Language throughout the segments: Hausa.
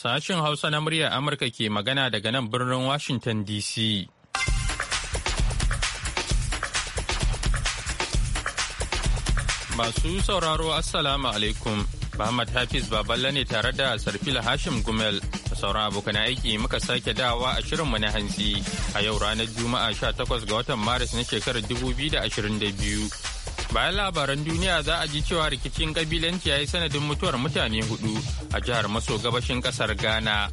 Sashen Hausa na muryar Amurka ke magana daga nan birnin Washington DC. Masu sauraro Assalamu alaikum. Muhammad Hafiz Baballe ne tare da Sarfila Hashim Gumel a sauran abokan aiki muka sake dawa a shirin mu na hantsi a yau ranar Juma'a 18 ga watan Maris na shekarar 2022. bayan labaran duniya za a ji cewa rikicin kabilanci ya yi sanadin mutuwar mutane hudu a jihar maso gabashin kasar ghana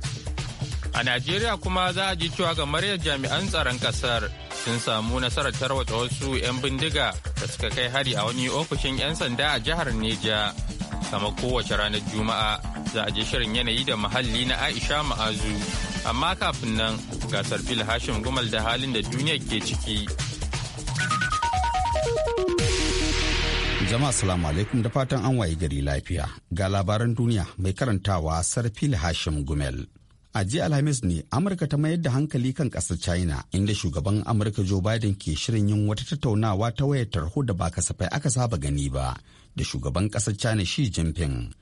a najeriya kuma za a ji cewa gamaryar jami'an tsaron kasar sun samu nasarar tarwata wasu 'yan bindiga da suka kai hari a wani ofishin 'yan sanda a jihar neja kama kowace ranar juma'a za a ji shirin yanayi da muhalli na aisha ma'azu amma kafin nan gasar fil hashim gumal da halin da duniya ke ciki. Jama'a salamu alaikum da fatan an waye gari lafiya. Ga labaran duniya mai karantawa Sarfil Hashim Gumel. A jiya Alhamis ne Amurka ta mayar da hankali kan ƙasar China inda shugaban Amurka Joe Biden ke shirin yin wata tattaunawa ta wayar tarho da ba kasafai aka saba gani ba da shugaban ƙasar China shi Jinping.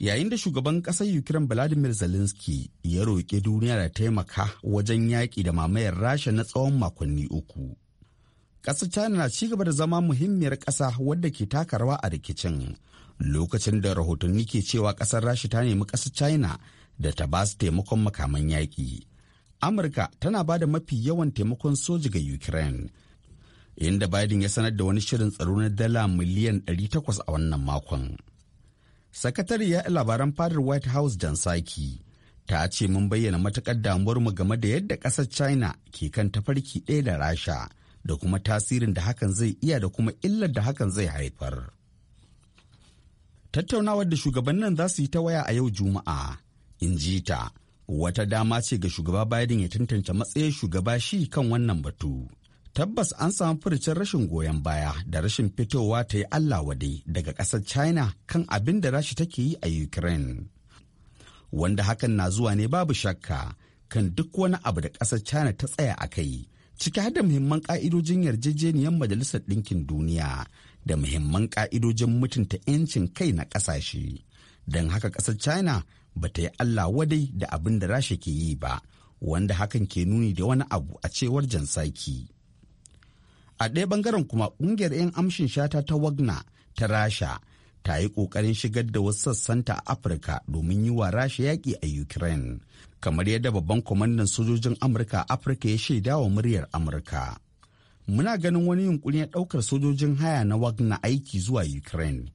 Yayin da shugaban ƙasar Ukraine Vladimir Zelensky ya roƙi duniya da taimaka wajen yaƙi da mamayar Rasha na tsawon makonni uku. ƙasar china na ci gaba da zama muhimmiyar ƙasa wadda ke taka rawa a rikicin lokacin da rahotanni ke cewa ƙasar rasha ta nemi ƙasar china da ta ba su taimakon makaman yaƙi amurka tana ba da mafi yawan taimakon soji ga ukraine inda biden ya sanar da wani shirin tsaro na dala miliyan 800 a wannan makon Sakatare ya labaran fadar white house jan saki ta ce mun bayyana matukar mu game da yadda ƙasar china ke kan tafarki ɗaya da rasha da kuma tasirin da hakan zai iya da kuma illar da hakan zai haifar. Tattaunawar da shugabannin za su yi ta waya a yau Juma'a, in ji ta, wata dama ce ga shugaba Biden ya tantance matsayin shugaba shi kan wannan batu. Tabbas an samu furicin rashin goyon baya da rashin fitowa ta yi Allah wade daga ƙasar China kan abin da rashi take yi a Ukraine. Wanda hakan na zuwa ne babu shakka kan duk wani abu da ƙasar China ta tsaya a kai. ciki har da muhimman ƙa'idojin yarjejeniyar majalisar ɗinkin duniya da muhimman ƙa'idojin mutunta 'yancin kai na ƙasashe don haka ƙasar china ba ta yi allah wadai da abin da rasha ke yi ba wanda hakan ke nuni da wani abu a cewar jansaki a ɗaya bangaren kuma ƙungiyar 'yan amshin shata ta wagna ta rasha ta yi ƙoƙarin shigar da wasu sassanta a afirka domin yi wa rasha yaƙi a ukraine kamar yadda babban kwamandan sojojin amurka afirka ya shaida wa muryar amurka muna ganin wani yunkuri na ɗaukar sojojin haya na wagner aiki zuwa ukraine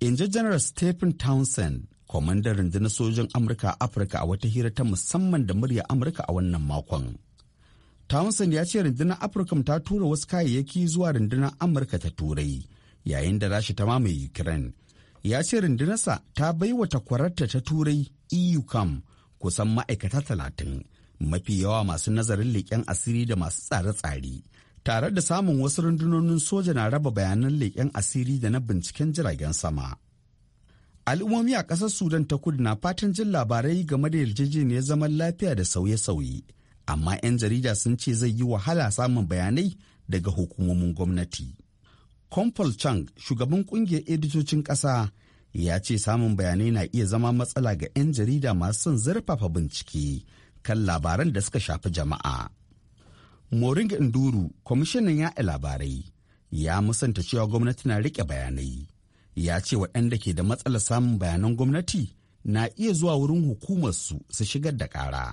in ji general stephen townsend kwamandan rundunar sojojin amurka afirka a wata hira ta musamman da muryar amurka a wannan makon townsend ya ce rundunar afirka ta tura wasu kayayyaki zuwa rundunar amurka ta turai yayin da rashi ta mamaye ukraine ya ce rundunarsa ta bai wa takwararta ta turai eu kusan ma'aikata talatin mafi yawa masu nazarin leƙen asiri da masu tsare-tsare tare da samun wasu rundunonin soja na raba bayanan leƙen asiri da na binciken jiragen sama. Al'ummomi a ƙasar Sudan ta kudu na fatan jin labarai game da yarjejeniyar zaman lafiya da sauye-sauye, amma 'yan jarida sun ce zai yi wahala samun bayanai daga hukumomin gwamnati. Kompol Chang, shugaban ƙungiyar editocin ƙasa, ya ce samun bayanai na iya zama matsala ga 'yan jarida masu son zurfafa bincike kan labaran da suka shafi jama'a. Moringa Nduru, kwamishinan yaɗa labarai, ya musanta cewa gwamnati na rike bayanai. Ya ce waɗanda ke da matsalar samun bayanan gwamnati na iya zuwa wurin hukumarsu su shigar da kara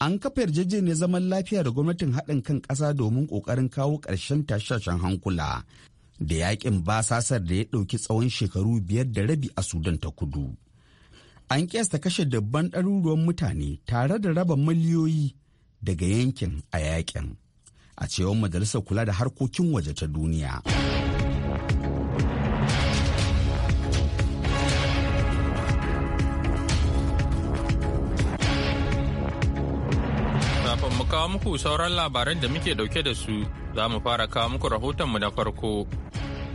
An kafa yarjejeniyar zaman lafiya da gwamnatin haɗin kan ƙasa domin ƙoƙarin kawo ƙarshen tashashen hankula da yakin basasar da ya ɗauki tsawon shekaru biyar da rabi a sudan ta kudu an kesta kashe dabban ɗaruruwan mutane tare da raba miliyoyi daga yankin a yakin a cewar majalisar kula da harkokin waje ta duniya kafin mu kawo muku sauran labaran da muke dauke da su za mu fara kawo muku rahotonmu na farko.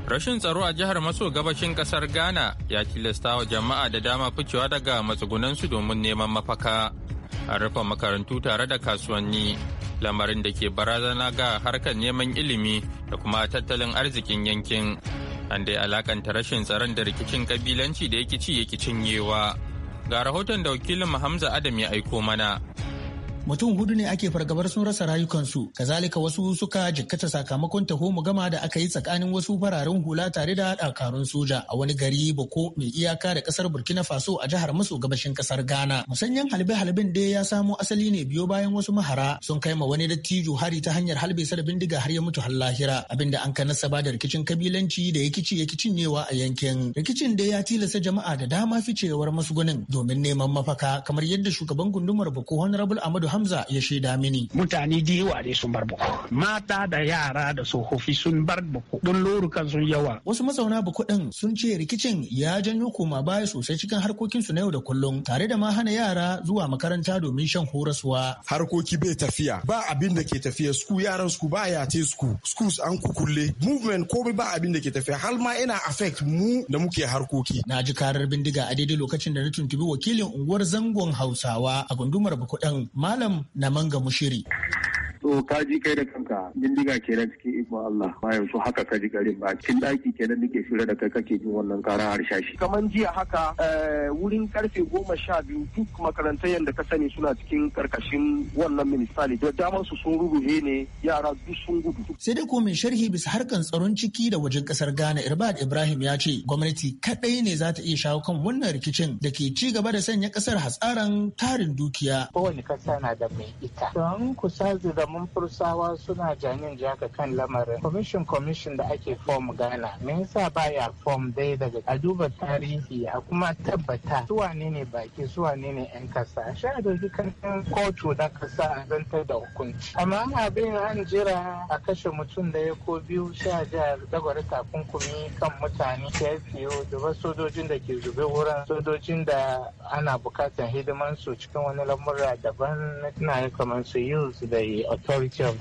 Rashin tsaro a jihar maso gabashin kasar Ghana ya tilasta wa jama'a da dama ficewa daga matsugunansu domin neman mafaka. An rufe makarantu tare da kasuwanni, lamarin da ke barazana ga harkar neman ilimi da kuma tattalin arzikin yankin. An dai alakanta rashin tsaron da rikicin kabilanci da yake ci yake cinyewa. Ga rahoton da wakilin Hamza Adam ya aiko mana. mutum hudu ne ake fargabar sun rasa rayukansu kazalika wasu suka jikkata sakamakon taho gama da aka yi tsakanin wasu fararen hula tare da dakarun soja a wani gari boko mai iyaka da kasar burkina faso a jihar maso gabashin kasar ghana musanyen halbe-halben dai ya samo asali ne biyo bayan wasu mahara sun kai ma wani dattijo hari ta hanyar halbe sa da bindiga har ya mutu har lahira abinda an kan nasaba da rikicin kabilanci da ya kici ya cinyewa a yankin rikicin dai ya tilasta jama'a da dama ficewar masugunin domin neman mafaka kamar yadda shugaban gundumar boko honorable amadu Hamza ya shaida mini. Mutane da yawa ne sun bar Boko. Mata da yara da tsofaffi sun bar Boko don lorukan sun yawa. Wasu mazauna buku ɗin sun ce rikicin ya janyo koma baya sosai cikin harkokinsu na yau da kullum tare da ma hana yara zuwa makaranta domin shan horaswa. Harkoki bai tafiya ba abin da ke tafiya suku yaran suku. ba ya te suku schools an kukulle movement komai ba abin da ke tafiya har ma ina affect mu da muke harkoki. Na ji karar bindiga a daidai lokacin da na tuntubi wakilin unguwar zangon Hausawa a gundumar Boko ɗin Malam na manga Mushiri. so ka ji kai da kanka bindiga kenan cikin ikon Allah ba yanzu haka ka ji garin ba cikin daki kenan nake shirya da kai kake jin wannan karar harshashi kaman jiya haka eh, wurin karfe goma sha biyu duk makarantar yadda ka sani suna cikin karkashin wannan ministali da damar su sun rubuhe ne yara duk sun gudu sai dai ko mai sharhi bisa harkan tsaron ciki da wajen kasar Ghana Irbad Ibrahim ya ce gwamnati kaɗai ne za ta iya shawo kan wannan rikicin da ke ci gaba da sanya kasar hatsaran tarin dukiya kowane kasa na da mai ita don ku sa zama Mun fursawa suna janin jaka kan lamarin commission commission da ake fom gana me yasa baya fom dai daga a duba tarihi a kuma tabbata su ne ne baki su ne ne yan kasa sha kan kankan kotu na kasa a zantar da hukunci amma abin an jira a kashe mutum da ya ko biyu sha jihar dagwara takunkumi kan mutane fiye da sojojin da ke zube wurin sojojin da ana bukatar hidimansu cikin wani lamura daban na kamar su su da authority a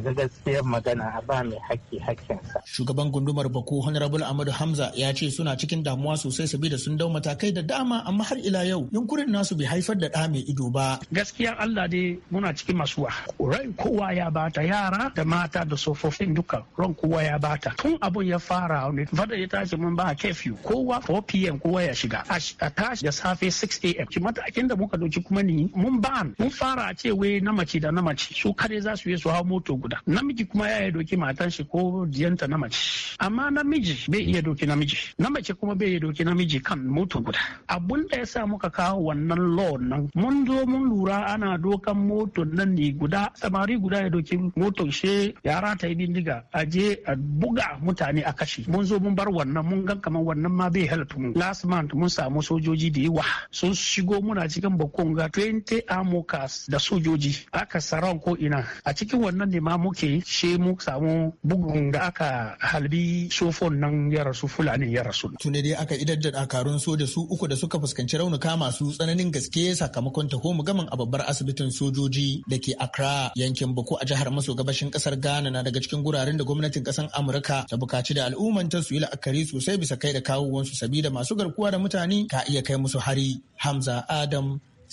ga gaskiyar magana a ba mai haƙƙi haƙƙinsa. Shugaban gundumar Baku Honorable Ahmadu Hamza ya ce suna cikin damuwa sosai saboda sun dau matakai da dama amma har ila yau yunkurin nasu bai haifar da ɗa mai ido ba. Gaskiyar Allah dai muna cikin masuwa. Ran kowa ya bata yara da mata da tsofaffin duka ran kowa ya bata. Tun abun ya fara ne fada ya tashi mun ba kefiyu kowa 4 pm kowa ya shiga. A tashi da safe 6 am. Matakin da muka dauki kuma ni mun ba mun fara a ce wai na mace da na mace su kare aure za su yi su hau moto guda namiji kuma ya yi doki matan shi ko diyanta na mace amma namiji bai iya doki namiji na mace kuma bai iya doki namiji kan moto guda abun da ya sa muka kawo wannan law nan mun zo mun lura ana dokan moto nan ne guda samari guda ya doki moto she yara ta yi bindiga a je a buga mutane a kashe mun zo mun bar wannan mun gan kamar wannan ma bai halatta mu last month mun samu sojoji da yawa sun shigo muna cikin bakon ga 20 amokas da sojoji aka saran ko ina a cikin wannan ne ma muke shi mu samu bugun da aka halbi sofon nan ya rasu fulani ya rasu tuni dai aka idar da dakarun soja su uku da suka fuskanci raunuka masu tsananin gaske sakamakon taho gaman a babbar asibitin sojoji da ke accra yankin boko a jihar maso gabashin kasar ghana na daga cikin guraren da gwamnatin kasar amurka ta bukaci da ta su yi la'akari sosai bisa kai da kawowansu sabida masu garkuwa da mutane ka iya kai musu hari hamza adam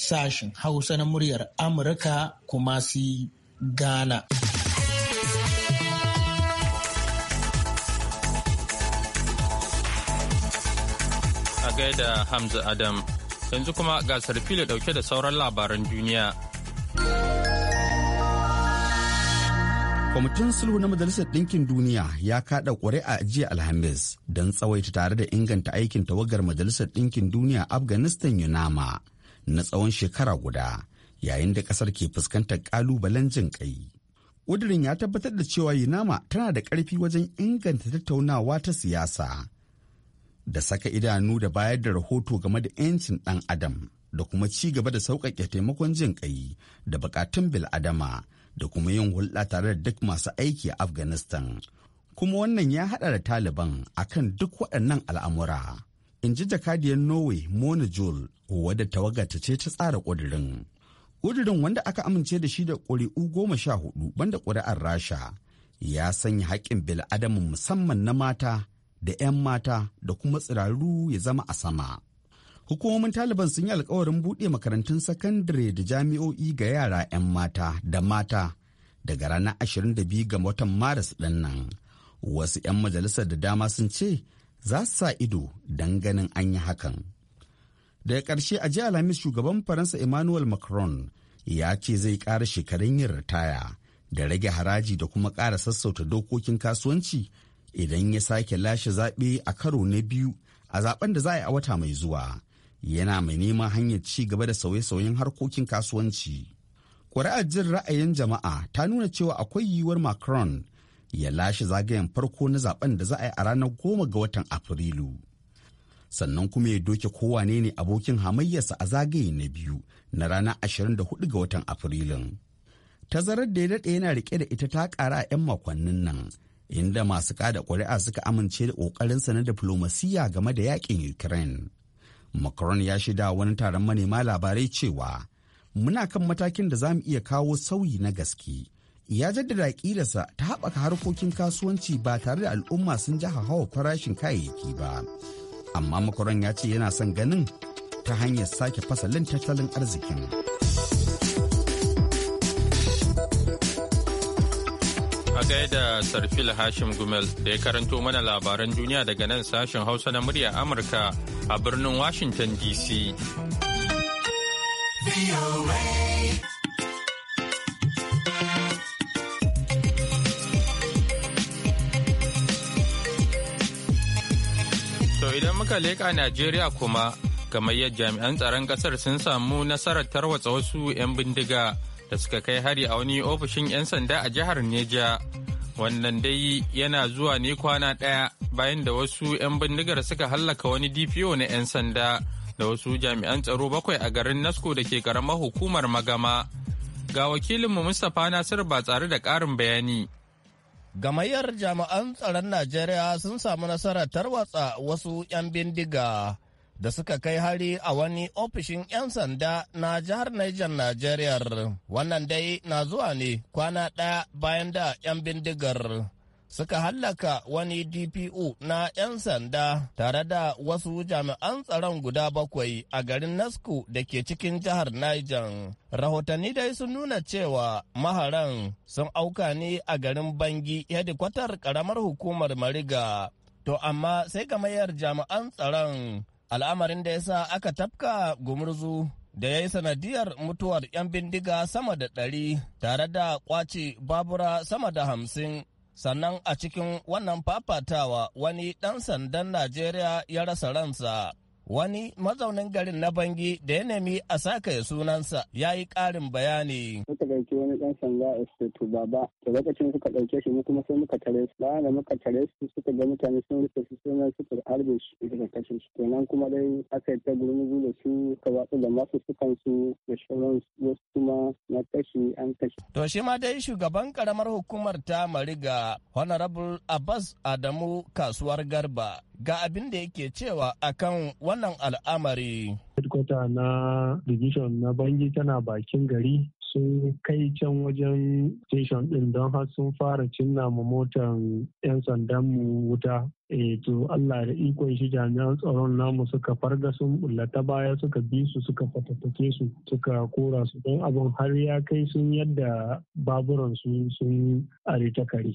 sashin hausa na muryar amurka kuma si Ghana. A gaida Hamza Adam, yanzu kuma gasar fili dauke da sauran labaran duniya. Kwamitin sulhu na Majalisar Ɗinkin Duniya ya kaɗa ƙuri'a jiya Alhamis don tsawaita tare da inganta aikin tawagar Majalisar Ɗinkin Duniya Afghanistan Yunama na tsawon shekara guda. yayin da kasar ke fuskantar kalubalen jin kai. Ƙudurin ya tabbatar da cewa Yunama tana da ƙarfi wajen inganta tattaunawa ta siyasa da saka idanu da bayar da rahoto game da 'yancin ɗan adam da kuma ci gaba da sauƙaƙe taimakon jin ƙai da buƙatun bil'adama da kuma yin hulɗa tare da duk masu aiki a Afghanistan. Kuma wannan ya haɗa da Taliban a kan duk waɗannan al'amura. In ji jakadiyar Norway Mona Jewel, wadda tawaga ce ta tsara ƙudurin. ƙudurin wanda aka amince da shi da ƙuri'u goma sha hudu banda ƙuri'ar rasha ya sanya haƙƙin bil'adamu musamman na mata da 'yan mata da kuma tsiraru ya zama a sama. Hukumomin Taliban sun yi alkawarin buɗe makarantun sakandare da jami'o'i ga yara 'yan mata da mata daga ranar 22 ga watan Maris ɗin nan. Wasu 'yan majalisar da dama sun ce za su sa ido don ganin an yi hakan. daga ƙarshe a jiya alhamis shugaban faransa emmanuel macron ya ce zai ƙara shekarun yin ritaya da rage haraji da kuma ƙara sassauta dokokin kasuwanci idan ya sake lashe zaɓe a karo na biyu a zaɓen da za a yi a wata mai zuwa yana mai neman hanyar ci gaba da sauye-sauyen harkokin kasuwanci ƙuri'ar jin ra'ayin jama'a ta nuna cewa akwai yiwuwar macron ya lashe zagayen farko na zaɓen da za a yi a ranar goma ga watan afrilu sannan kuma ya doke kowane ne abokin hamayyarsa a zagaye na biyu na ranar 24 ga watan afrilun tazarar da ya daɗe yana rike da ita ta ƙara a 'yan makonnin nan inda masu kada ƙuri'a suka amince da ƙoƙarinsa na diflomasiyya game da yaƙin ukraine macron ya shida wani taron manema labarai cewa muna kan matakin da za mu iya kawo sauyi na gaske ya jaddada ƙirarsa ta haɓaka harkokin kasuwanci ba tare da al'umma sun ji hawa farashin kayayyaki ba amma makaron ya ce yana son ganin ta hanyar sake fasalin tattalin arzikin. A gaida Sarfil Hashim Gumel da ya karanto mana labaran duniya daga nan sashen Hausa na murya Amurka a birnin Washington DC. muka leƙa Najeriya kuma, gamayyar jami'an tsaron ƙasar sun samu nasarar tarwatsa wasu 'yan bindiga da suka kai hari a wani ofishin 'yan sanda a jihar Neja. Wannan dai yana zuwa ne kwana ɗaya bayan da wasu 'yan bindigar suka hallaka wani DPO na 'yan sanda da wasu jami'an tsaro bakwai a garin Nasko da ke ƙaramar hukumar Magama. Ga wakilinmu Mustapha nasiru ba tsare da ƙarin bayani. Gamayyar jami'an tsaron Najeriya sun samu nasarar tarwatsa wasu 'yan bindiga da suka kai hari a wani ofishin 'yan sanda na jihar Niger Najeriya. Wannan dai na zuwa ne kwana ɗaya bayan da 'yan bindigar suka hallaka wani DPO na 'yan sanda tare da wasu jami'an tsaron guda bakwai a garin Nasco da ke cikin jihar Niger. Rahotanni dai sun nuna cewa maharan sun auka ne a garin Bangi hedikwatar karamar hukumar Mariga. To amma sai ga mayar jami'an tsaron al'amarin da ya sa aka tafka gumurzu da ya yi sanadiyar mutuwar 'yan bindiga sama da ɗari tare da ƙwace babura sama da hamsin sannan a cikin wannan fafatawa wani ɗan sandan najeriya ya rasa ransa Wani mazaunin garin na Bangi da ya nemi a saka ya sunansa ya yi ƙarin bayani. Muka ɗauki wani ɗan sanda Estetu Baba, da lokacin suka ɗauke shi kuma sai muka tare su. Bayan da muka tare su suka ga mutane sun rufe su sunan suka harbe shi suka kashe su. Kenan kuma dai aka yi ta gurmuzu da su ka watsu da masu sukan su da shauran wasu kuma na kashi an kashe. To shi ma dai shugaban karamar hukumar ta Mariga Honorable Abbas Adamu Kasuwar Garba ga abin da yake cewa akan wannan al'amari. Headquarter na division na bangi tana bakin gari sun kai can wajen station din don har sun fara cinna ma motan 'yan sandanmu wuta eh to Allah da ikon shi jami'an tsaron namu suka farga sun bullata baya suka bi su suka fatattake su suka kora su don abin har ya kai sun yadda baburan su sun are ta kare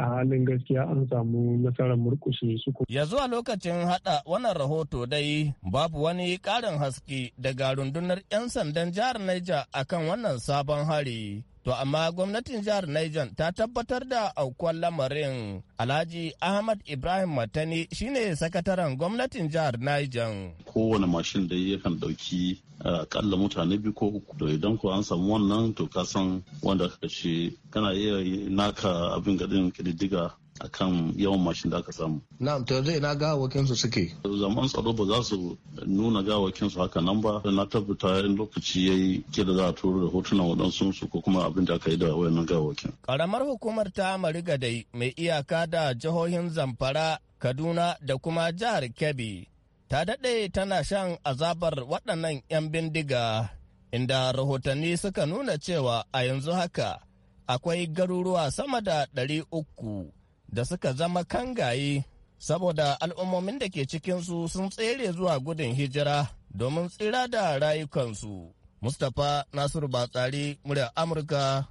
a halin gaskiya an samu nasarar murkushe su ya zuwa lokacin hada wannan rahoto dai babu wani karin haske daga rundunar 'yan sandan jihar Niger akan wannan sabon hari To amma gwamnatin jihar Niger ta tabbatar da aukuwar lamarin Alhaji Ahmad Ibrahim Matani shine sakataren gwamnatin jihar Niger. Kowane mashin da yakan dauki eh, akalla mutane biyu ko uku. idan ko an samu wannan to ka san wanda ka ce kana iya naka abin gadin kididdiga akan yawan mashin da aka samu. Na'am to yanzu ina gawakin su suke. Zaman tsaro ba za su nuna gawakin su haka nan ba na tabbata in lokaci yayi ke da za a turo da hotunan waɗansu su ko kuma abin da aka yi da wayannan gawakin. Karamar hukumar ta Mariga dai mai iyaka da jihohin Zamfara, Kaduna da kuma jihar Kebbi ta daɗe tana shan azabar waɗannan 'yan bindiga inda rahotanni suka nuna cewa a yanzu haka akwai garuruwa sama da ɗari uku da suka zama kangaye saboda al'ummomin da ke cikinsu sun tsere zuwa gudun hijira domin tsira da rayukansu. Mustapha Nasiru Batsari murya Amurka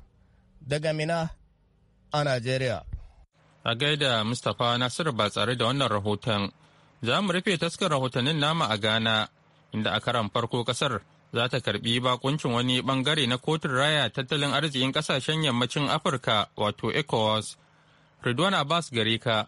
daga Mina a Najeriya. A gaida Mustapha Nasiru Batsari da wannan rahoton, za mu rufe taskar rahotannin nama a Ghana, inda a karan farko kasar za ta karbi bakuncin wani bangare na kotun raya tattalin arzikin kasashen yammacin Afirka wato ECOWAS Ridwan Abbas gare ka.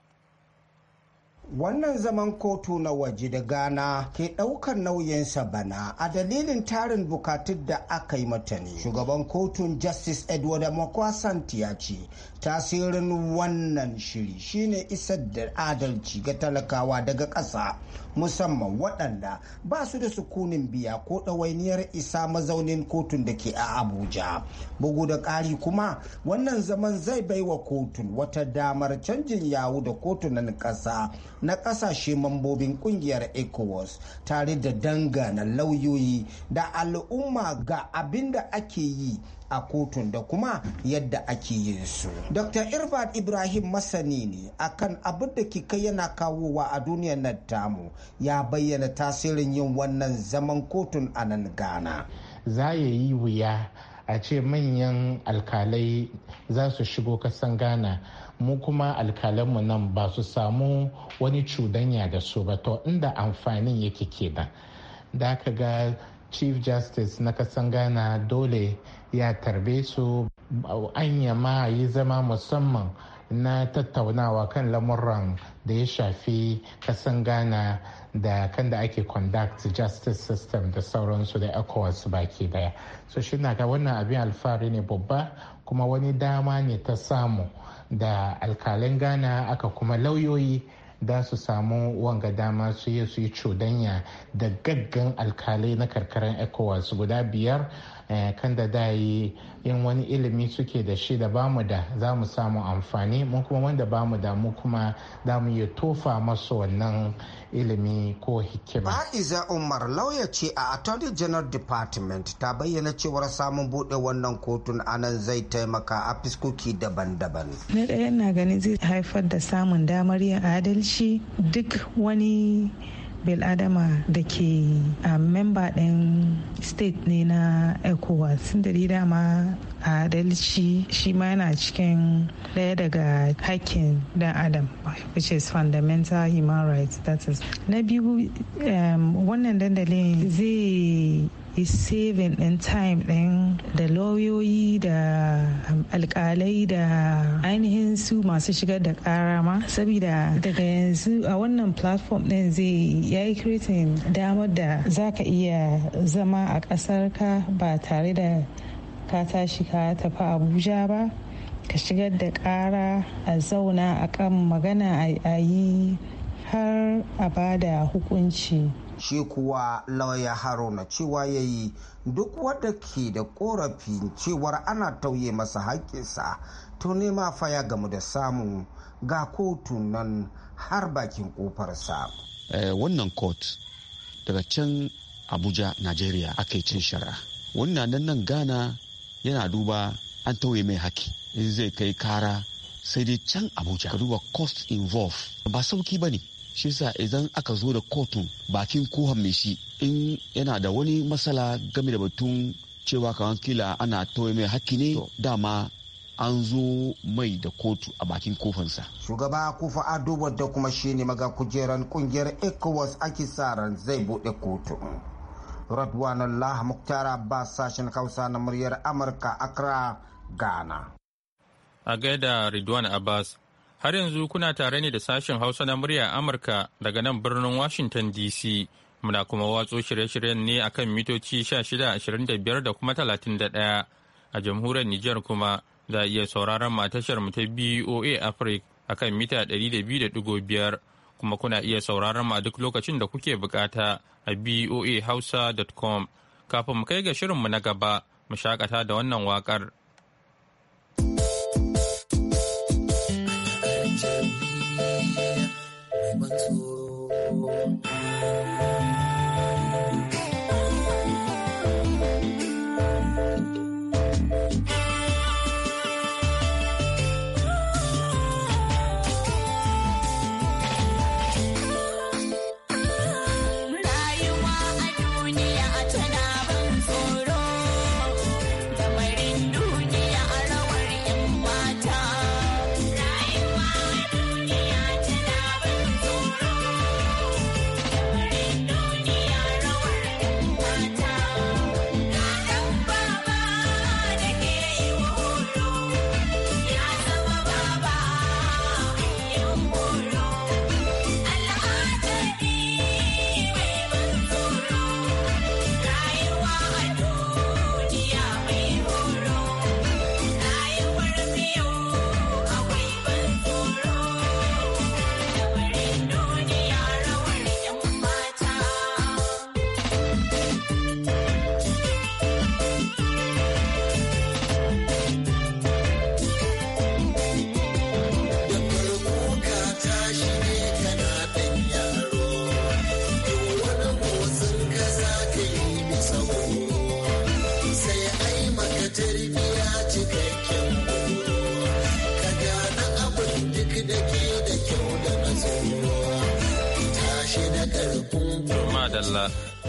Wannan zaman kotu na waje da gana ke ɗaukar nauyinsa bana a dalilin tarin bukatun da aka yi mata Shugaban kotun Justice Edward Makwasanti ya ce, tasirin wannan shiri shine isar da adalci ga talakawa daga ƙasa musamman waɗanda ba su da sukunin biya ko ɗawainiyar isa mazaunin kotun da ke a abuja bugu da ƙari kuma wannan zaman zai baiwa kotun wata damar canjin yawu da kotunan ƙasa na ƙasashe mambobin ƙungiyar ecowas tare da dangana lauyoyi da al'umma ga abin da ake yi a kotun da kuma yadda ake yin su. Dr. Irfan Ibrahim masani ne akan abin da kika yana kawowa a duniyar nan tamu ya bayyana tasirin yin wannan zaman kotun a nan Ghana. Za ya yi wuya a ce manyan alkalai za su shigo kasan Ghana mu kuma mu nan ba su samu wani cudanya da su ba to inda amfanin yake kenan. Da ka ga chief justice na kasan ghana dole ya tarbe su anya ma yi zama musamman na tattaunawa kan lamuran da ya shafi kasan ghana da kan da ake conduct justice system da sauransu da ecowas baki daya so shi na ga wannan abin alfahari ne babba kuma wani dama ne ta samu da alkalin ghana aka kuma lauyoyi da su samu wanga dama su yi su yi cudanya da gaggan alkalai na karkarar ecowas guda biyar eh, kan da dayi in wani ilimi suke da shi da bamu da za mu samu amfani mun kuma wanda bamu da mu kuma za mu yi tofa masu wannan ilimi ko hikima. Fa'iza Umar lauya ce a Attorney General Department ta bayyana cewar samun bude wannan kotun anan zai taimaka a fiskoki daban-daban. Na ɗaya na ganin zai haifar da samun damar yin adalci yawanci duk wani bil'adama da ke a memba ɗin state ne na ecowas da dama adalci shi ma yana cikin ɗaya daga hakkin dan adam which is fundamental human rights that is na biyu wannan dandalin zai is saving ɗin time din da lauyoyi da um, alkalai da ainihin su masu shigar da kara ma saboda daga yanzu a wannan platform din zai ya yi creating damar da za ka iya zama a ƙasar ka ba tare da ka tashi ka tafi abuja ba ka shigar da kara a zauna a kan magana a yi har a bada hukunci shi kuwa lauya haruna cewa ya yi duk wadda ke da korafin cewar ana tauye masa haƙƙinsa to nema fa ya gamu da samu ga kotu nan har bakin kofarsa. Eh, wannan kot daga can abuja nigeria aka yi cin shari'a wannan nan nan ghana yana duba an tauye mai haƙƙi in zai kai kara sai dai can abuja ka duba cost involved ba sauki ba ne shi sa idan aka zo da kotun bakin kohon mai shi in yana da wani matsala game da batun cewa kawan kila ana tauye mai hakki ne dama an zo mai da kotu a bakin kofansa. Shugaba kufa ado wadda kuma shi ne maga kujeran kungiyar ECOWAS ake ran zai buɗe kotu. Radwan Allah muktara ba sashen Hausa na muryar Amurka Accra, Ghana. A gaida Ridwan Abbas, Har yanzu kuna tare ne da sashen Hausa na murya Amurka daga nan birnin Washington DC. Muna kuma watso shirye-shiryen ne akan mitoci 1625 da kuma 31 a jamhuriyar Nijar kuma za a iya sauraron matashar mu ta BOA Africa akan mita 200.5 kuma kuna iya sauraron ma duk lokacin da kuke bukata a boahausa.com kafin mu kai ga shirinmu na gaba mu shakata da wannan wakar. 满错。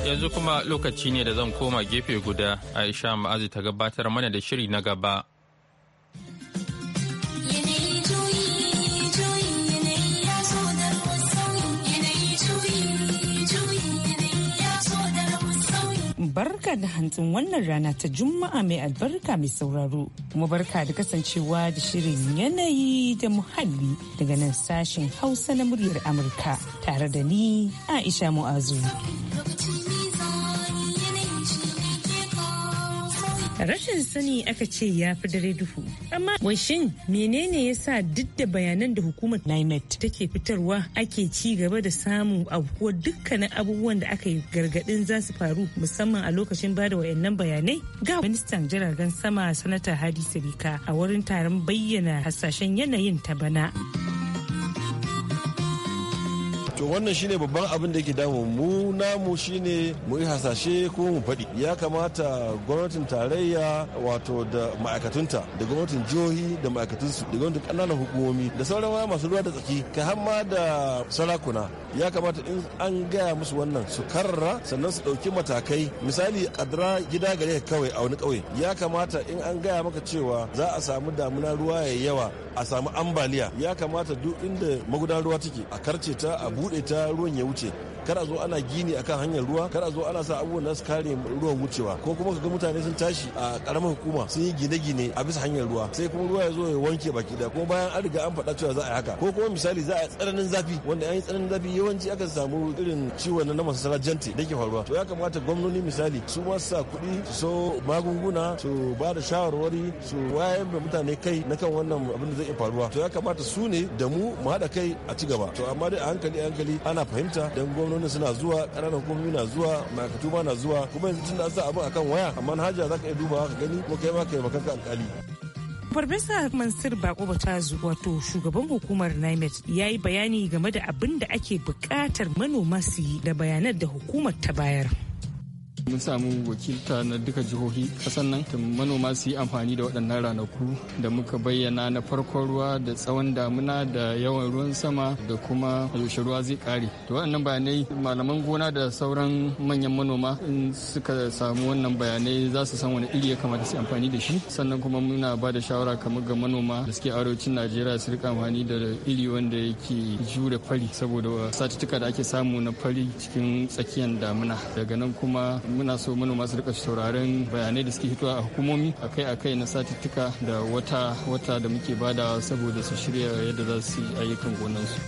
yanzu kuma lokaci ne da zan koma gefe guda aisha ma'azi ta gabatar mana da shiri na gaba barka da hantsin wannan rana ta juma'a mai albarka mai sauraro kuma barka da kasancewa da shirin yanayi da muhalli daga nan sashen hausa na muryar amurka tare da ni aisha mu'azu. rashin sani aka ce ya fi dare duhu amma washin menene ya sa duk da bayanan da hukumar nimet take fitarwa ake ci gaba da samu abubuwa dukkanin abubuwan da aka yi gargadin za su faru musamman a lokacin bada wayannan bayanai ga ministan jiragen sama sanata hadi sirika a wurin taron bayyana hasashen yanayin ta bana. to wannan shine babban abin da yake damu mu namu shine mu yi hasashe ko mu faɗi ya kamata gwamnatin tarayya wato da ma'aikatunta da gwamnatin jihohi da ma'aikatunsu da gwamnatin ƙananan hukumomi da sauran waya masu ruwa da tsaki ka hamma da sarakuna ya kamata in an gaya musu wannan su karra sannan su ɗauki matakai misali kadra gida gare kawai a wani ƙauye ya kamata in an gaya maka cewa za a samu damuna ruwa yayi yawa a samu ambaliya ya kamata duk inda magudan ruwa take a karce ta a buɗe ta ruwan ya wuce kar zo ana gini akan hanyar ruwa kar zo ana sa abubuwan da su kare ruwan wucewa ko kuma ka ga mutane sun tashi a karamar hukuma sun yi gine-gine a bisa hanyar ruwa sai kuma ruwa ya zo ya wanke baki da kuma bayan an riga an faɗa cewa za a yi haka ko kuma misali za a yi tsananin zafi wanda an yi tsananin zafi yawanci aka samu irin ciwon na masasarar jante da ke faruwa to ya kamata gwamnoni misali su ma sa kuɗi su so magunguna su ba da shawarwari su wayar da mutane kai na kan wannan abin da zai iya faruwa to ya kamata su ne da mu mu haɗa kai a ci gaba to amma dai a hankali a hankali ana fahimta don gwamnoni gwamnati suna zuwa ƙananan hukumomi na zuwa ma'aikatu ma na zuwa kuma yanzu tunda an sa abin akan waya amma haja za ka iya dubawa ka gani kuma kai ma ka yi makanka alƙali. Farfesa Mansur Bako Batazu wato shugaban hukumar NIMET ya yi bayani game da abin da ake buƙatar manoma su yi da bayanan da hukumar ta bayar. mun samu wakilta na duka jihohi kasan nan manoma su yi amfani da waɗannan ranaku da muka bayyana na farkon ruwa da tsawon damuna da yawan ruwan sama da kuma yaushe ruwa zai kare da waɗannan bayanai malaman gona da sauran manyan manoma in suka samu wannan bayanai za su san wani iri ya kamata su amfani da shi sannan kuma muna ba da shawara kamar ga manoma da suke arewacin najeriya su rika amfani da iri wanda yake jure fari saboda satuttuka da ake samu na fari cikin tsakiyar damuna daga nan kuma muna so manoma su rika sauraron bayanai da suke fitowa a hukumomi akai-akai na satuttuka da wata-wata da muke badawa saboda su shirya yadda za su yi ayyukan su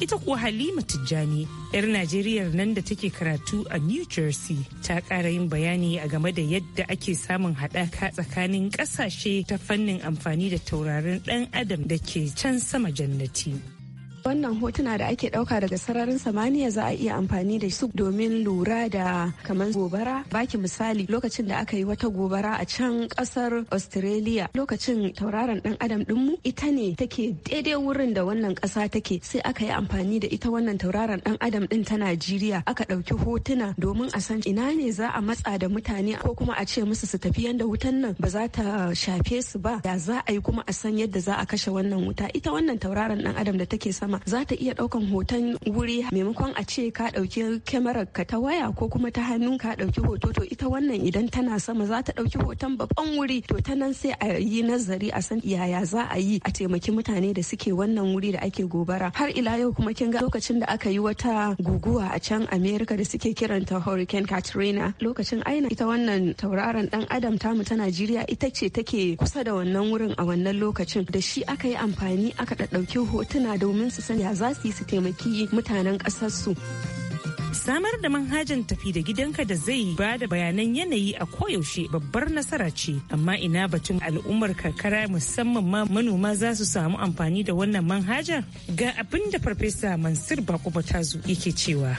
ita kuwa halima tijjani yar najeriya nan da take karatu a new jersey ta kara yin bayani a game da yadda ake samun hadaka tsakanin kasashe ta fannin amfani da taurarin dan adam da ke can sama jannati Wannan hotuna da ake ɗauka daga sararin samaniya za a iya amfani da su domin lura da kamar gobara. Baki misali lokacin da aka yi wata gobara a can ƙasar Australia lokacin tauraron ɗan adam ɗinmu ita ne take daidai wurin da wannan ƙasa take sai aka yi amfani da ita wannan tauraron ɗan adam ɗin ta Najeriya aka ɗauki hotuna domin a san ina ne za a matsa da mutane ko kuma a ce musu su tafi yanda wutan nan ba za ta shafe su ba da za a yi kuma a san yadda za a kashe wannan wuta ita wannan tauraron ɗan adam da take sama sama za ta iya ɗaukan hoton wuri maimakon a ce ka ɗauki kyamarar ka ta waya ko kuma ta hannu ka ɗauki hoto to ita wannan idan tana sama za ta ɗauki hoton babban wuri to ta nan sai a yi nazari a san yaya za a yi a taimaki mutane da suke wannan wuri da ake gobara har ila yau kuma kin ga lokacin da aka yi wata guguwa a can America da suke kiranta Hurricane Katrina lokacin aina ita wannan tauraron dan adam tamu ta Najeriya ita ce take kusa da wannan wurin a wannan lokacin da shi aka yi amfani aka ɗauki hotuna domin su su sani za su yi su taimaki mutanen ƙasarsu. samar da manhajan tafi da gidanka da zai ba da bayanan yanayi a koyaushe babbar nasara ce amma ina batun al'ummar karkara musamman ma manoma za su samu amfani da wannan manhajar ga abin da farfesa mansur ta zo yake cewa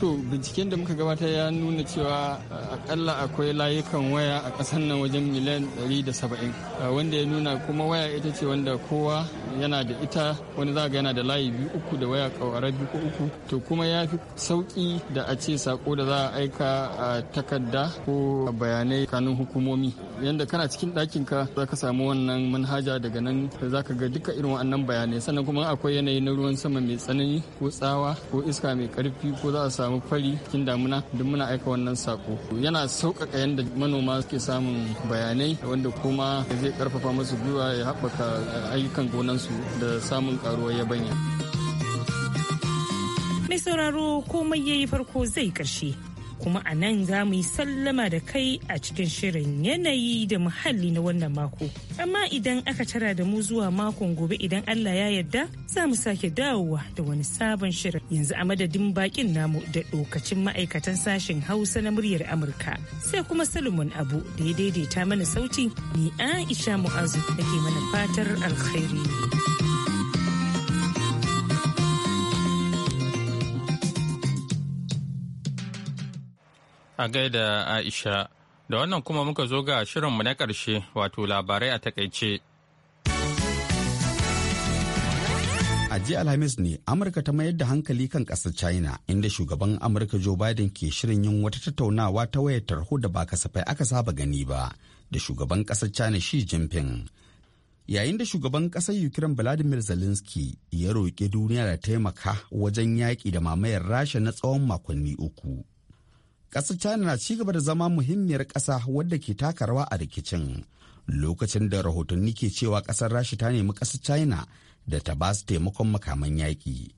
To binciken da muka gabata ya nuna cewa akalla akwai layukan waya a ƙasar nan wajen miliyan 170 wanda ya nuna kuma waya ita ce wanda kowa yana da ita wani za ga yana da layi biyu uku da waya kawara biyu ko uku to kuma ya fi sauki da a ce sako da za a aika a takarda ko bayanai kanun hukumomi yanda kana cikin ɗakin ka za ka samu wannan manhaja daga nan za ka ga duka irin wannan bayanai sannan kuma akwai yanayi na ruwan sama mai tsanani ko tsawa ko iska mai karfi ko za a samu fari cikin damuna duk muna aika wannan sako yana sauƙaƙa yadda manoma suke samun bayanai wanda kuma zai ƙarfafa musu gwiwa ya haɓaka ayyukan gonansu da samun ƙaruwar yabanya. mai sauraro komai ya yi farko zai ƙarshe kuma a nan za mu yi sallama da kai a cikin shirin yanayi da muhalli na wannan mako. Amma idan aka tara da mu zuwa makon gobe idan Allah ya yarda za mu sake dawowa da wani sabon shirin yanzu a madadin bakin namu da dokacin ma'aikatan sashen Hausa na muryar Amurka. Sai kuma Salomon Abu da ya daidaita mana sauti ni Aisha Mu'azu da ke mana fatar alkhairi. A gaida Aisha, da wannan kuma muka zo ga shirinmu na ƙarshe wato labarai a takaice. A jiya Alhamis ne Amurka ta mayar da hankali kan ƙasar China inda shugaban Amurka Joe Biden ke shirin yin wata tattaunawa ta wayar tarho da ba kasafai aka saba gani ba da shugaban ƙasar China Xi Jinping. Yayin da shugaban ƙasar Ukraine Vladimir Zelensky ya roƙi duniya da taimaka wajen yaƙi da mamayar Rasha na tsawon makonni uku. ƙasar china na ci gaba da zama muhimmiyar ƙasa wadda ke taka rawa a rikicin lokacin da rahotanni ke cewa ƙasar rashi ta nemi ƙasar china da ta ba su taimakon makaman yaƙi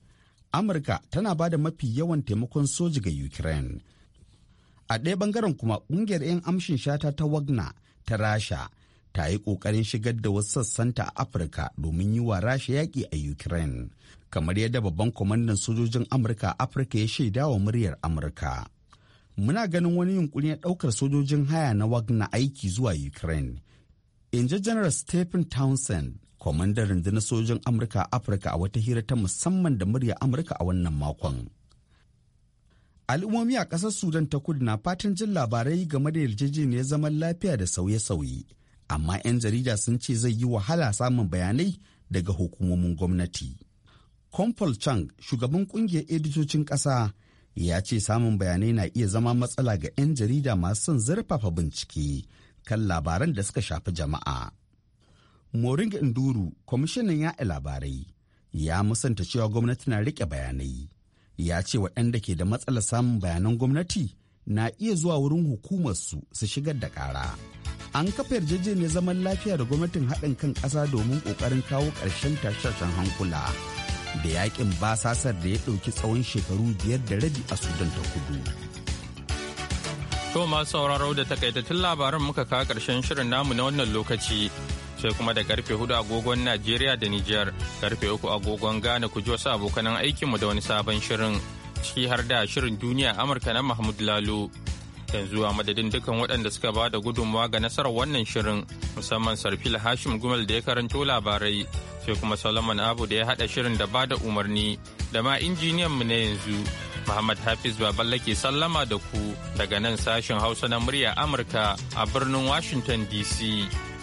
amurka tana ba da mafi yawan taimakon soji ga ukraine a ɗaya bangaren kuma ƙungiyar 'yan amshin shata ta wagna ta rasha ta yi ƙoƙarin shigar da wasu sassanta a afirka domin yi wa rasha yaƙi a ukraine kamar yadda babban kwamandan sojojin amurka afirka ya shaida wa muryar amurka muna ganin wani yunkuri na ɗaukar sojojin haya na Wagner aiki zuwa Ukraine. In ji General Stephen Townsend, kwamandan rundunar Sojojin Amurka a Afirka a wata hira ta musamman da murya Amurka a wannan makon. Al'ummomi a ƙasar Sudan ta kudu na fatan jin labarai game da yarjejeniyar zaman lafiya da sauye-sauye, amma 'yan jarida sun ce zai yi wahala samun bayanai daga hukumomin gwamnati. Kompol Chang, shugaban ƙungiyar editocin ƙasa, ya ce samun bayanai na iya zama matsala ga 'yan jarida masu son zurfafa bincike kan labaran da suka shafi jama'a. Moringa Nduru, kwamishinan yaɗa labarai, ya musanta cewa gwamnati na riƙe bayanai. Ya ce waɗanda ke da matsalar samun bayanan gwamnati na iya zuwa wurin hukumarsu su shigar da ƙara. An kafa yarjejeniyar zaman lafiya da gwamnatin haɗin kan ƙasa domin ƙoƙarin kawo ƙarshen tashe-tashen hankula da yakin basasar da ya ɗauki tsawon shekaru biyar da rabi a sudan ta kudu to masu sauraro da takaitattun labaran muka kawo ƙarshen shirin namu na wannan lokaci sai kuma da karfe hudu agogon najeriya da nijar karfe uku agogon ghana ku ji wasu abokan aikinmu da wani sabon shirin ciki har da shirin duniya amurka na mahmud lalo yanzu a madadin dukkan waɗanda suka ba da gudunmawa ga nasarar wannan shirin musamman sarfil hashim gumal da ya karanto labarai sai kuma Solomon Abu da ya haɗa shirin da ba da umarni da ma injiniyan mu na yanzu Muhammad Hafiz Baballe ke sallama da ku daga nan sashen Hausa na murya Amurka a birnin Washington DC.